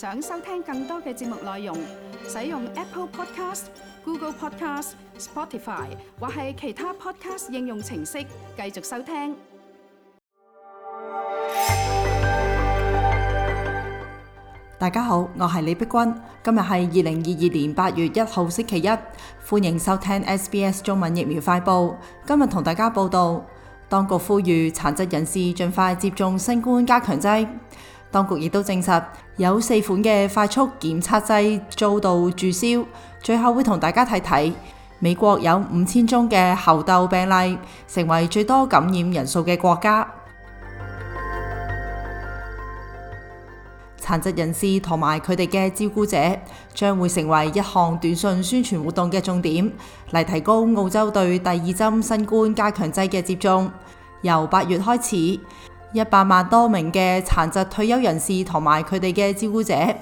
想收聽更多嘅節目內容，使用 Apple Podcast、Google Podcast、Spotify 或係其他 Podcast 應用程式繼續收聽。大家好，我係李碧君，今日係二零二二年八月一號，星期一，歡迎收聽 SBS 中文疫苗快報。今日同大家報道，當局呼籲殘疾人士盡快接種新冠加強劑。當局亦都證實有四款嘅快速檢測劑遭到註銷。最後會同大家睇睇美國有五千宗嘅猴痘病例，成為最多感染人數嘅國家。殘疾人士同埋佢哋嘅照顧者將會成為一項短訊宣傳活動嘅重點，嚟提高澳洲對第二針新冠加強劑嘅接種。由八月開始。一百萬多名嘅殘疾退休人士同埋佢哋嘅照顧者，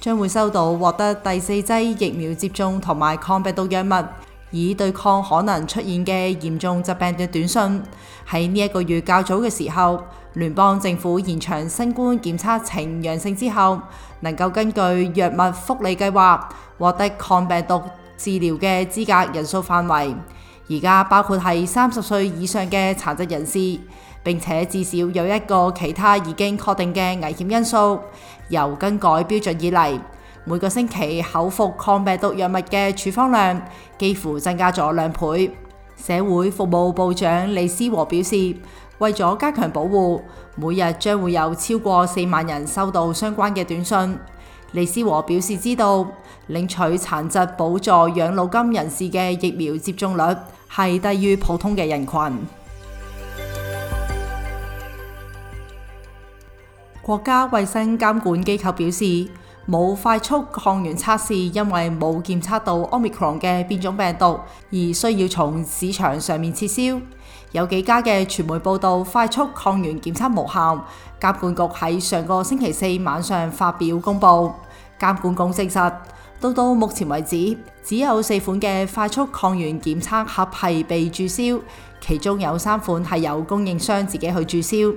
將會收到獲得第四劑疫苗接種同埋抗病毒藥物，以對抗可能出現嘅嚴重疾病嘅短訊。喺呢一個月較早嘅時候，聯邦政府延長新冠檢測呈陽性之後，能夠根據藥物福利計劃獲得抗病毒治療嘅資格人數範圍，而家包括係三十歲以上嘅殘疾人士。並且至少有一個其他已經確定嘅危險因素。由更改標準以嚟，每個星期口服抗病毒藥物嘅處方量幾乎增加咗兩倍。社會服務部長李思和表示，為咗加強保護，每日將會有超過四萬人收到相關嘅短訊。李思和表示知道，領取殘疾補助、養老金人士嘅疫苗接種率係低於普通嘅人群。國家衛生監管機構表示，冇快速抗原測試，因為冇檢測到 omicron 嘅變種病毒，而需要從市場上面撤銷。有幾家嘅傳媒報道快速抗原檢測無效。監管局喺上個星期四晚上發表公布，監管局證實到到目前為止，只有四款嘅快速抗原檢測盒係被註銷，其中有三款係由供應商自己去註銷。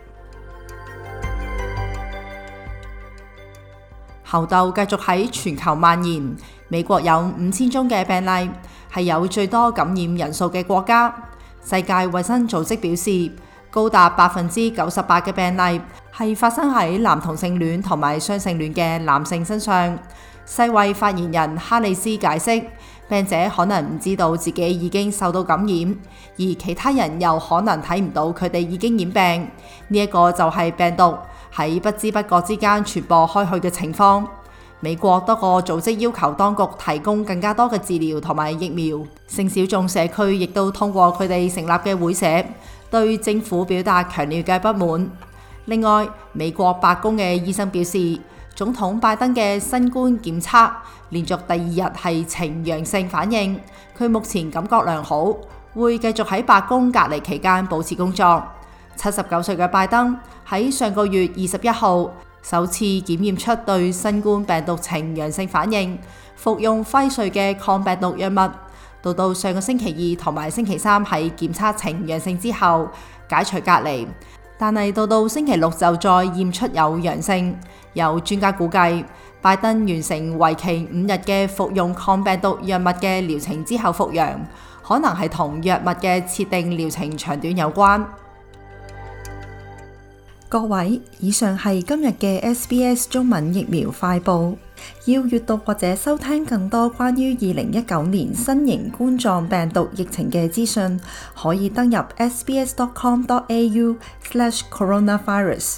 猴痘繼續喺全球蔓延，美國有五千宗嘅病例，係有最多感染人數嘅國家。世界衛生組織表示，高達百分之九十八嘅病例係發生喺男同性戀同埋雙性戀嘅男性身上。世衛發言人哈里斯解釋，病者可能唔知道自己已經受到感染，而其他人又可能睇唔到佢哋已經染病，呢、這、一個就係病毒喺不知不覺之間傳播開去嘅情況。美國多個組織要求當局提供更加多嘅治療同埋疫苗，性小眾社區亦都通過佢哋成立嘅會社對政府表達強烈嘅不滿。另外，美國白宮嘅醫生表示，總統拜登嘅新冠檢測連續第二日係呈陽性反應，佢目前感覺良好，會繼續喺白宮隔離期間保持工作。七十九歲嘅拜登喺上個月二十一號首次檢驗出對新冠病毒呈陽性反應，服用輝瑞嘅抗病毒藥物，到到上個星期二同埋星期三喺檢測呈陽性之後解除隔離，但係到到星期六就再驗出有陽性。有專家估計，拜登完成為期五日嘅服用抗病毒藥物嘅療程之後復陽，可能係同藥物嘅設定療程長短有關。各位，以上係今日嘅 SBS 中文疫苗快報。要閱讀或者收聽更多關於二零一九年新型冠狀病毒疫情嘅資訊，可以登入 sbs.com.au/coronavirus dot dot slash。